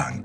bank.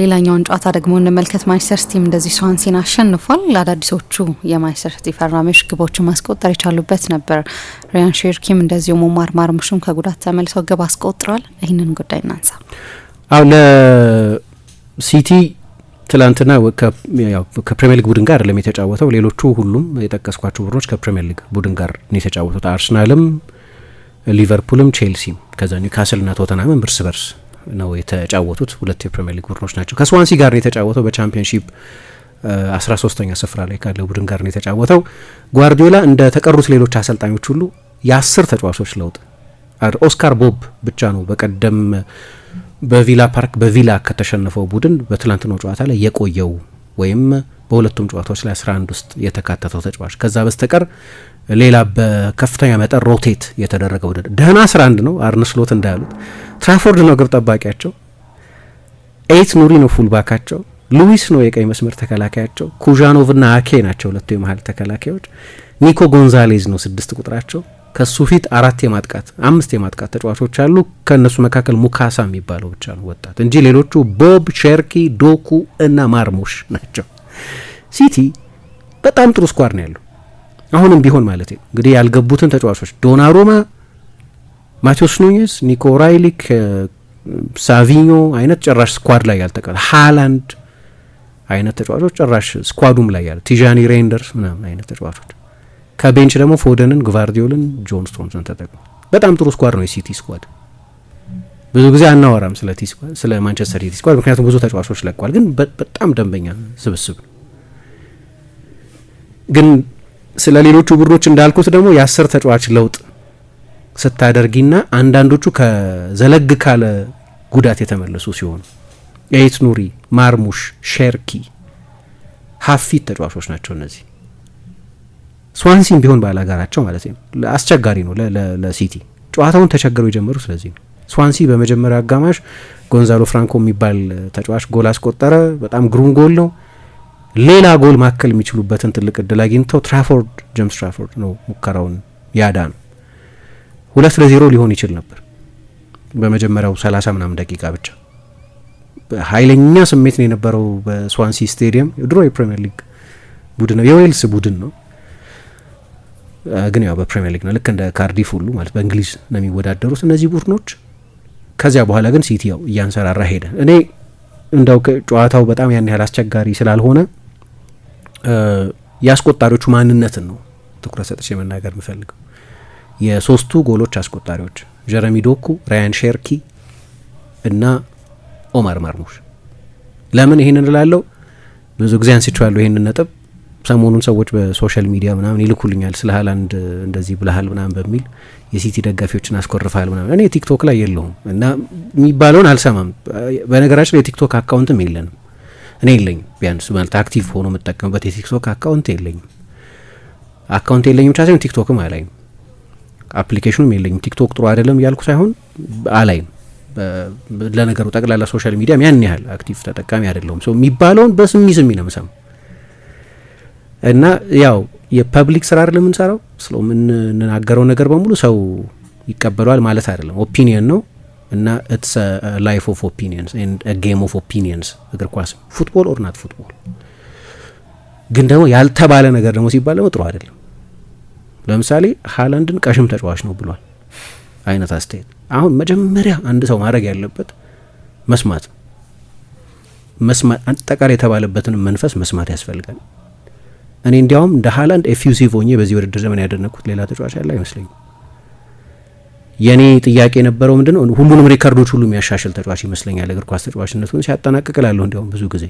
ሌላኛውን ጨዋታ ደግሞ እንመልከት። ማንቸስተር ሲቲም እንደዚህ ስዋንሲን አሸንፏል። አዳዲሶቹ የማንቸስተር ሲቲ ፈራሚዎች ግቦችን ማስቆጠር የቻሉበት ነበር። ሪያን ሼርኪም እንደዚሁ ሙማር ማርሙሹም ከጉዳት ተመልሰው ግብ አስቆጥረዋል። ይህንን ጉዳይ እናንሳ። አሁ ለሲቲ ትላንትና ከፕሪሚየር ሊግ ቡድን ጋር አይደለም የተጫወተው። ሌሎቹ ሁሉም የጠቀስኳቸው ቡድኖች ከፕሪሚየር ሊግ ቡድን ጋር ነው የተጫወቱት። አርስናልም፣ ሊቨርፑልም፣ ቼልሲም ከዛ ኒውካስልና ቶተናምም እርስ በርስ ነው የተጫወቱት። ሁለት የፕሪሚየር ሊግ ቡድኖች ናቸው። ከስዋንሲ ጋር ነው የተጫወተው። በቻምፒየንሺፕ 13ኛ ስፍራ ላይ ካለ ቡድን ጋር ነው የተጫወተው። ጓርዲዮላ እንደ ተቀሩት ሌሎች አሰልጣኞች ሁሉ የአስር ተጫዋቾች ለውጥ ኦስካር ቦብ ብቻ ነው በቀደም በቪላ ፓርክ በቪላ ከተሸነፈው ቡድን በትላንትናው ጨዋታ ላይ የቆየው ወይም በሁለቱም ጨዋታዎች ላይ 11 ውስጥ የተካተተው ተጫዋች ከዛ በስተቀር ሌላ በከፍተኛ መጠን ሮቴት የተደረገ ውድድር ደህና አስራ አንድ ነው። አርነ ስሎት እንዳሉት ትራፎርድ ነው ግብ ጠባቂያቸው፣ ኤት ኑሪ ነው ፉልባካቸው፣ ሉዊስ ነው የቀኝ መስመር ተከላካያቸው፣ ኩዣኖቭ ና አኬ ናቸው ሁለቱ የመሀል ተከላካዮች፣ ኒኮ ጎንዛሌዝ ነው ስድስት ቁጥራቸው። ከሱ ፊት አራት የማጥቃት አምስት የማጥቃት ተጫዋቾች አሉ። ከእነሱ መካከል ሙካሳ የሚባለው ብቻ ነው ወጣት እንጂ ሌሎቹ ቦብ ሸርኪ፣ ዶኩ እና ማርሞሽ ናቸው። ሲቲ በጣም ጥሩ ስኳር ነው ያለው። አሁንም ቢሆን ማለት ነው እንግዲህ ያልገቡትን ተጫዋቾች ዶናሩማ፣ ማቴዎስ ኑኝስ፣ ኒኮ ራይሊክ፣ ሳቪኞ አይነት ጭራሽ ስኳድ ላይ ያልተቀ ሃላንድ አይነት ተጫዋቾች ጭራሽ ስኳዱም ላይ ያለ ቲዣኒ ሬይንደርስ ምናምን አይነት ተጫዋቾች ከቤንች ደግሞ ፎደንን፣ ግቫርዲዮልን፣ ጆን ስቶንስን ተጠቅሞ በጣም ጥሩ ስኳድ ነው የሲቲ ስኳድ። ብዙ ጊዜ አናወራም ስለ ማንቸስተር ሲቲ ስኳድ ምክንያቱም ብዙ ተጫዋቾች ለቋል። ግን በጣም ደንበኛ ስብስብ ነው ግን ስለ ሌሎቹ ቡድኖች እንዳልኩት ደግሞ የአስር ተጫዋች ለውጥ ስታደርጊና አንዳንዶቹ ከዘለግ ካለ ጉዳት የተመለሱ ሲሆኑ ኤይት ኑሪ፣ ማርሙሽ፣ ሼርኪ፣ ሀፊት ተጫዋቾች ናቸው እነዚህ። ስዋንሲም ቢሆን ባላጋራቸው ማለት ነው። አስቸጋሪ ነው ለሲቲ ጨዋታውን ተቸግረው የጀመሩ ስለዚህ ነው። ስዋንሲ በመጀመሪያ አጋማሽ ጎንዛሎ ፍራንኮ የሚባል ተጫዋች ጎል አስቆጠረ። በጣም ግሩም ጎል ነው። ሌላ ጎል ማከል የሚችሉበትን ትልቅ እድል አግኝተው ትራፎርድ ጀምስ ትራፎርድ ነው ሙከራውን ያዳ ነው። ሁለት ለዜሮ ሊሆን ይችል ነበር በመጀመሪያው ሰላሳ ምናምን ደቂቃ ብቻ። ኃይለኛ ስሜት ነው የነበረው በስዋንሲ ስቴዲየም። ድሮ የፕሪሚየር ሊግ ቡድን ነው የዌልስ ቡድን ነው ግን ያው በፕሪሚየር ሊግ ነው ልክ እንደ ካርዲፍ ሁሉ ማለት በእንግሊዝ ነው የሚወዳደሩት እነዚህ ቡድኖች። ከዚያ በኋላ ግን ሲቲ ያው እያንሰራራ ሄደ። እኔ እንደው ጨዋታው በጣም ያን ያህል አስቸጋሪ ስላልሆነ የአስቆጣሪዎቹ ማንነትን ነው ትኩረት ሰጥቼ የመናገር የምፈልገው። የሶስቱ ጎሎች አስቆጣሪዎች ጀረሚ ዶኩ፣ ራያን ሼርኪ እና ኦማር ማርሙሽ። ለምን ይህንን እላለሁ? ብዙ ጊዜ አንስቼዋለሁ ይህንን ነጥብ። ሰሞኑን ሰዎች በሶሻል ሚዲያ ምናምን ይልኩልኛል ስለ ሀላንድ እንደዚህ ብልሃል ምናምን በሚል የሲቲ ደጋፊዎችን አስኮርፋል ምናምን። እኔ ቲክቶክ ላይ የለሁም እና የሚባለውን አልሰማም። በነገራችን ላይ የቲክቶክ አካውንትም የለንም እኔ የለኝም። ቢያንስ ማለት አክቲቭ ሆኖ የምጠቀምበት የቲክቶክ አካውንት የለኝም። አካውንት የለኝም ብቻ ሳይሆን ቲክቶክም አላይም፣ አፕሊኬሽኑም የለኝም። ቲክቶክ ጥሩ አይደለም እያልኩ ሳይሆን አላይም። ለነገሩ ጠቅላላ ሶሻል ሚዲያም ያን ያህል አክቲቭ ተጠቃሚ አይደለሁም። ሰው የሚባለውን በስሚ ስሚ ነው ምሰም እና ያው የፐብሊክ ስራ አይደለም የምንሰራው ስለምንናገረው ነገር በሙሉ ሰው ይቀበሏል ማለት አይደለም። ኦፒኒየን ነው እና ኢትስ ላይፍ ኦፍ ኦፒኒየንስ ኤንድ ጌም ኦፍ ኦፒኒየንስ እግር ኳስ ፉትቦል ኦር ናት ፉትቦል። ግን ደግሞ ያልተባለ ነገር ደግሞ ሲባል ደግሞ ጥሩ አይደለም። ለምሳሌ ሀላንድን ቀሽም ተጫዋች ነው ብሏል አይነት አስተያየት። አሁን መጀመሪያ አንድ ሰው ማድረግ ያለበት መስማት መስማት አጠቃላይ የተባለበትንም መንፈስ መስማት ያስፈልጋል። እኔ እንዲያውም እንደ ሀላንድ ኤፊዩሲቭ ሆኜ በዚህ ውድድር ዘመን ያደነኩት ሌላ ተጫዋች ያለ አይመስለኝም። የኔ ጥያቄ የነበረው ምንድነው ሁሉንም ሪከርዶች ሁሉ የሚያሻሽል ተጫዋች ይመስለኛል። እግር ኳስ ተጫዋችነቱን ሲያጠናቅቅላለሁ እንዲያውም ብዙ ጊዜ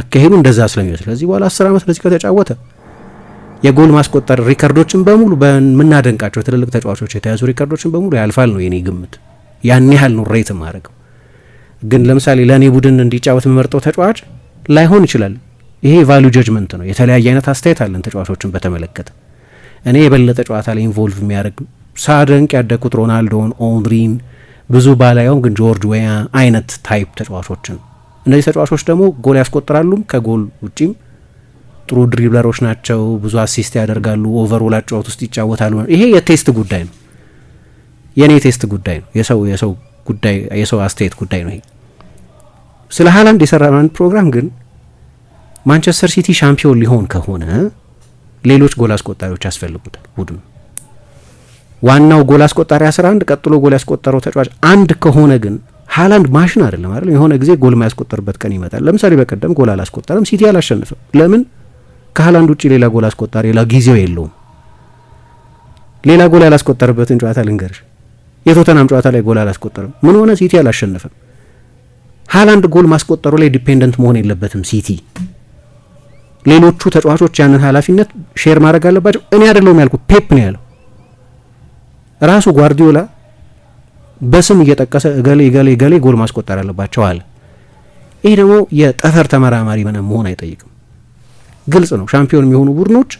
አካሄዱ እንደዛ ስለሚመስል ከዚህ በኋላ አስር ዓመት ለዚህ ከተጫወተ የጎል ማስቆጠር ሪከርዶችን በሙሉ በምናደንቃቸው ትልልቅ ተጫዋቾች የተያዙ ሪከርዶችን በሙሉ ያልፋል ነው የኔ ግምት። ያን ያህል ነው ሬት ማድረገው። ግን ለምሳሌ ለእኔ ቡድን እንዲጫወት የምመርጠው ተጫዋች ላይሆን ይችላል። ይሄ ቫሉ ጀጅመንት ነው። የተለያየ አይነት አስተያየት አለን ተጫዋቾችን በተመለከተ እኔ የበለጠ ጨዋታ ላይ ኢንቮልቭ የሚያደርግ ሳደንቅ ያደግኩት ሮናልዶን፣ ኦንሪን ብዙ ባላየውም ግን ጆርጅ ወያ አይነት ታይፕ ተጫዋቾችን እነዚህ ተጫዋቾች ደግሞ ጎል ያስቆጥራሉም ከጎል ውጪም ጥሩ ድሪብለሮች ናቸው። ብዙ አሲስት ያደርጋሉ። ኦቨርኦል አጨዋወት ውስጥ ይጫወታሉ። ይሄ የቴስት ጉዳይ ነው፣ የእኔ ቴስት ጉዳይ ነው፣ የሰው የሰው ጉዳይ የሰው አስተያየት ጉዳይ ነው። ይሄ ስለ ሀላንድ የሰራን ፕሮግራም ግን ማንቸስተር ሲቲ ሻምፒዮን ሊሆን ከሆነ ሌሎች ጎል አስቆጣሪዎች ያስፈልጉታል ቡድኑ ዋናው ጎል አስቆጣሪ 11 ቀጥሎ ጎል ያስቆጠረው ተጫዋች አንድ ከሆነ ግን ሀላንድ ማሽን አይደለም አይደለም። የሆነ ጊዜ ጎል የማያስቆጠርበት ቀን ይመጣል። ለምሳሌ በቀደም ጎል አላስቆጠረም፣ ሲቲ አላሸንፍም። ለምን? ከሀላንድ ውጭ ሌላ ጎል አስቆጣሪ ሌላ ጊዜው የለውም። ሌላ ጎል ያላስቆጠርበትን ጨዋታ ልንገርሽ። የቶተናም ጨዋታ ላይ ጎል አላስቆጠርም። ምን ሆነ? ሲቲ አላሸንፍም። ሀላንድ ጎል ማስቆጠሩ ላይ ዲፔንደንት መሆን የለበትም ሲቲ። ሌሎቹ ተጫዋቾች ያንን ኃላፊነት ሼር ማድረግ አለባቸው። እኔ አይደለሁም ያልኩት ፔፕ ነው ያለው። ራሱ ጓርዲዮላ በስም እየጠቀሰ እገሌ እገሌ እገሌ ጎል ማስቆጠር አለባቸው አለ። ይሄ ደግሞ የጠፈር ተመራማሪ ምንም መሆን አይጠይቅም። ግልጽ ነው። ሻምፒዮን የሚሆኑ ቡድኖች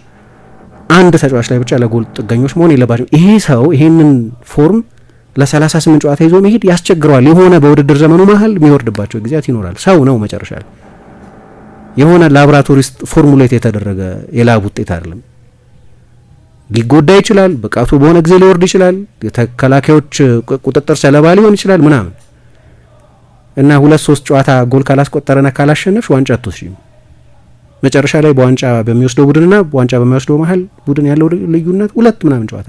አንድ ተጫዋች ላይ ብቻ ለጎል ጥገኞች መሆን የለባቸው። ይሄ ሰው ይሄንን ፎርም ለ38 ጨዋታ ይዞ መሄድ ያስቸግረዋል። የሆነ በውድድር ዘመኑ መሀል የሚወርድባቸው ጊዜያት ይኖራል። ሰው ነው መጨረሻ የሆነ ላቦራቶሪ ውስጥ ፎርሙሌት የተደረገ የላብ ውጤት አይደለም። ሊጎዳ ይችላል። ብቃቱ በሆነ ጊዜ ሊወርድ ይችላል። የተከላካዮች ቁጥጥር ሰለባ ሊሆን ይችላል ምናምን እና ሁለት ሶስት ጨዋታ ጎል ካላስቆጠረና ካላሸነፍሽ ዋንጫ አትወስጂም። መጨረሻ ላይ በዋንጫ በሚወስደው ቡድንና በዋንጫ በማይወስደው መሀል ቡድን ያለው ልዩነት ሁለት ምናምን ጨዋታ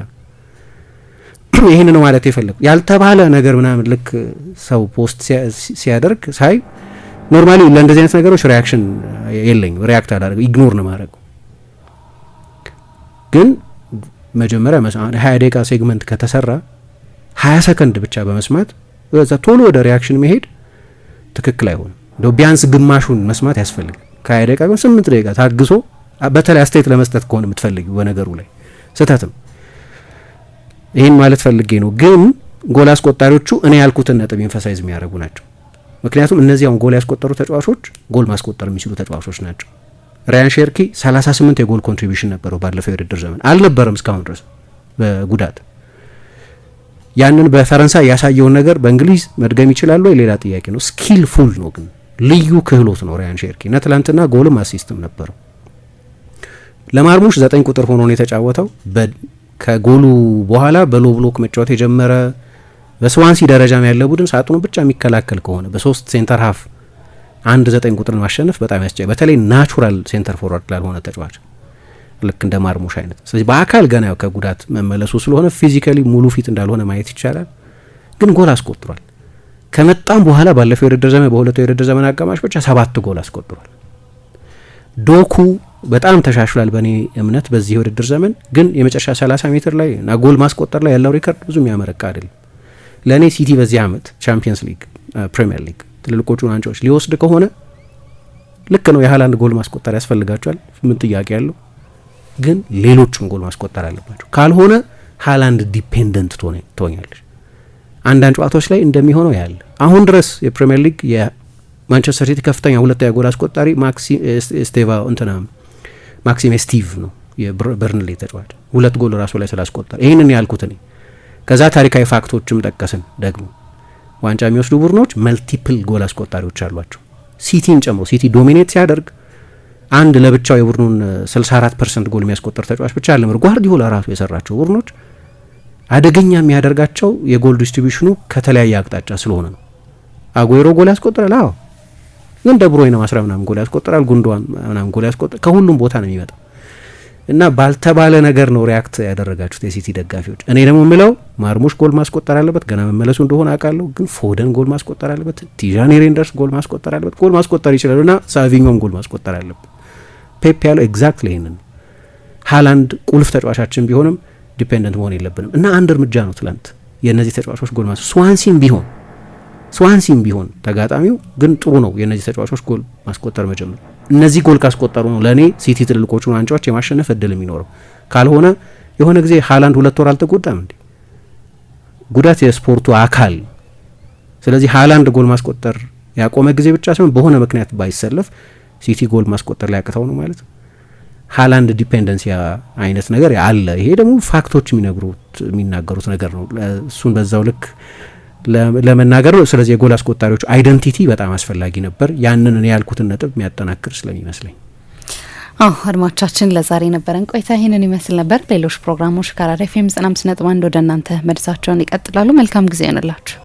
ይህን ነው ማለት የፈለግ ያልተባለ ነገር ምናምን ልክ ሰው ፖስት ሲያደርግ ሳይ ኖርማሊ ለእንደዚህ አይነት ነገሮች ሪያክሽን የለኝም። ሪያክት አላደርገው ኢግኖር ነው ማድረገው ግን መጀመሪያ ሀያ ደቂቃ ሴግመንት ከተሰራ ሀያ ሰከንድ ብቻ በመስማት በዛ ቶሎ ወደ ሪያክሽን መሄድ ትክክል አይሆንም። እንደ ቢያንስ ግማሹን መስማት ያስፈልጋል። ከሀያ ደቂቃ ግን ስምንት ደቂቃ ታግሶ በተለይ አስተያየት ለመስጠት ከሆነ የምትፈልግ በነገሩ ላይ ስህተት ነው። ይህን ማለት ፈልጌ ነው። ግን ጎል አስቆጣሪዎቹ እኔ ያልኩትን ነጥብ ኤንፈሳይዝ የሚያደርጉ ናቸው። ምክንያቱም እነዚያውን ጎል ያስቆጠሩ ተጫዋቾች ጎል ማስቆጠር የሚችሉ ተጫዋቾች ናቸው። ራያን ሼርኪ 38 የጎል ኮንትሪቢሽን ነበረው ባለፈው የውድድር ዘመን አልነበረም እስካሁን ድረስ በጉዳት ያንን በፈረንሳይ ያሳየውን ነገር በእንግሊዝ መድገም ይችላል ወይ ሌላ ጥያቄ ነው። ስኪልፉል ነው ግን ልዩ ክህሎት ነው ራያን ሼርኪ እና ትላንትና ጎልም አሲስትም ነበረው። ለማርሙሽ ዘጠኝ ቁጥር ሆኖ ነው የተጫወተው። ከጎሉ በኋላ በሎ ብሎክ መጫወት የጀመረ በስዋንሲ ደረጃም ያለ ቡድን ሳጥኑ ብቻ የሚከላከል ከሆነ በሶስት ሴንተር ሀፍ አንድ ዘጠኝ ቁጥርን ማሸነፍ በጣም ያስቸ በተለይ ናቹራል ሴንተር ፎርዋርድ ላልሆነ ተጫዋች ልክ እንደ ማርሙሽ አይነት። ስለዚህ በአካል ገና ያው ከጉዳት መመለሱ ስለሆነ ፊዚካሊ ሙሉ ፊት እንዳልሆነ ማየት ይቻላል። ግን ጎል አስቆጥሯል። ከመጣም በኋላ ባለፈው የውድድር ዘመን በሁለቱ የውድድር ዘመን አጋማሽ ብቻ ሰባት ጎል አስቆጥሯል። ዶኩ በጣም ተሻሽሏል በእኔ እምነት በዚህ የውድድር ዘመን ግን የመጨረሻ 30 ሜትር ላይ እና ጎል ማስቆጠር ላይ ያለው ሪከርድ ብዙ የሚያመረቃ አይደለም። ለእኔ ሲቲ በዚህ ዓመት ቻምፒየንስ ሊግ፣ ፕሪሚየር ሊግ ትልልቆቹን ዋንጫዎች ሊወስድ ከሆነ ልክ ነው፣ የሀላንድ ጎል ማስቆጠር ያስፈልጋቸዋል። ምን ጥያቄ ያለው ግን ሌሎችም ጎል ማስቆጠር አለባቸው። ካልሆነ ሀላንድ ዲፔንደንት ትሆኛለች። አንዳንድ ጨዋታዎች ላይ እንደሚሆነው ያለ አሁን ድረስ የፕሪምየር ሊግ የማንቸስተር ሲቲ ከፍተኛ ሁለተኛ ጎል አስቆጣሪ ስቴቫ እንትና ማክሲም ስቲቭ ነው፣ የበርንሌ ተጫዋች ሁለት ጎል ራሱ ላይ ስላስቆጠር ይህንን ያልኩት እኔ። ከዛ ታሪካዊ ፋክቶችም ጠቀስን ደግሞ ዋንጫ የሚወስዱ ቡድኖች መልቲፕል ጎል አስቆጣሪዎች አሏቸው። ሲቲን ጨምሮ ሲቲ ዶሚኔት ሲያደርግ አንድ ለብቻው የቡድኑን 64 ፐርሰንት ጎል የሚያስቆጠር ተጫዋች ብቻ አለምር ጓርዲዮላ ራሱ የሰራቸው ቡድኖች አደገኛ የሚያደርጋቸው የጎል ዲስትሪቢሽኑ ከተለያየ አቅጣጫ ስለሆነ ነው። አጉዌሮ ጎል ያስቆጥራል። አዎ ግን ደብሮይነ ማስራ ምናምን ጎል ያስቆጥራል። ጉንዶዋን ምናምን ጎል ያስቆጥራል። ከሁሉም ቦታ ነው የሚመጣው። እና ባልተባለ ነገር ነው ሪያክት ያደረጋችሁት የሲቲ ደጋፊዎች። እኔ ደግሞ የምለው ማርሙሽ ጎል ማስቆጠር አለበት፣ ገና መመለሱ እንደሆነ አውቃለሁ። ግን ፎደን ጎል ማስቆጠር አለበት፣ ቲዣኒ ሬንደርስ ጎል ማስቆጠር አለበት። ጎል ማስቆጠር ይችላሉ እና ሳቪኞም ጎል ማስቆጠር አለበት። ፔፕ ያለው ኤግዛክትሊ ይህንን። ሀላንድ ቁልፍ ተጫዋቻችን ቢሆንም ዲፔንደንት መሆን የለብንም እና አንድ እርምጃ ነው ትላንት የእነዚህ ተጫዋቾች ጎል ማስ ስዋንሲም ቢሆን ስዋንሲም ቢሆን ተጋጣሚው ግን ጥሩ ነው የእነዚህ ተጫዋቾች ጎል ማስቆጠር መጀመር እነዚህ ጎል ካስቆጠሩ ነው ለእኔ ሲቲ ትልልቆቹ ዋንጫዎች የማሸነፍ እድል የሚኖረው። ካልሆነ የሆነ ጊዜ ሀላንድ ሁለት ወር አልተጎዳም እንዴ? ጉዳት የስፖርቱ አካል። ስለዚህ ሀላንድ ጎል ማስቆጠር ያቆመ ጊዜ ብቻ ሳይሆን በሆነ ምክንያት ባይሰለፍ ሲቲ ጎል ማስቆጠር ሊያቅተው ነው ማለት ነው። ሀላንድ ዲፔንደንሲ አይነት ነገር አለ። ይሄ ደግሞ ፋክቶች የሚነግሩት የሚናገሩት ነገር ነው። እሱን በዛው ልክ ለመናገር ነው። ስለዚህ የጎል አስቆጣሪዎቹ አይደንቲቲ በጣም አስፈላጊ ነበር። ያንን እኔ ያልኩትን ነጥብ የሚያጠናክር ስለሚመስለኝ አዎ አድማጮቻችን፣ ለዛሬ የነበረን ቆይታ ይህንን ይመስል ነበር። ሌሎች ፕሮግራሞች ከአራዳ ኤፍ ኤም ዘጠና አምስት ነጥብ አንድ ወደ እናንተ መድሳቸውን ይቀጥላሉ። መልካም ጊዜ ይሆንላችሁ።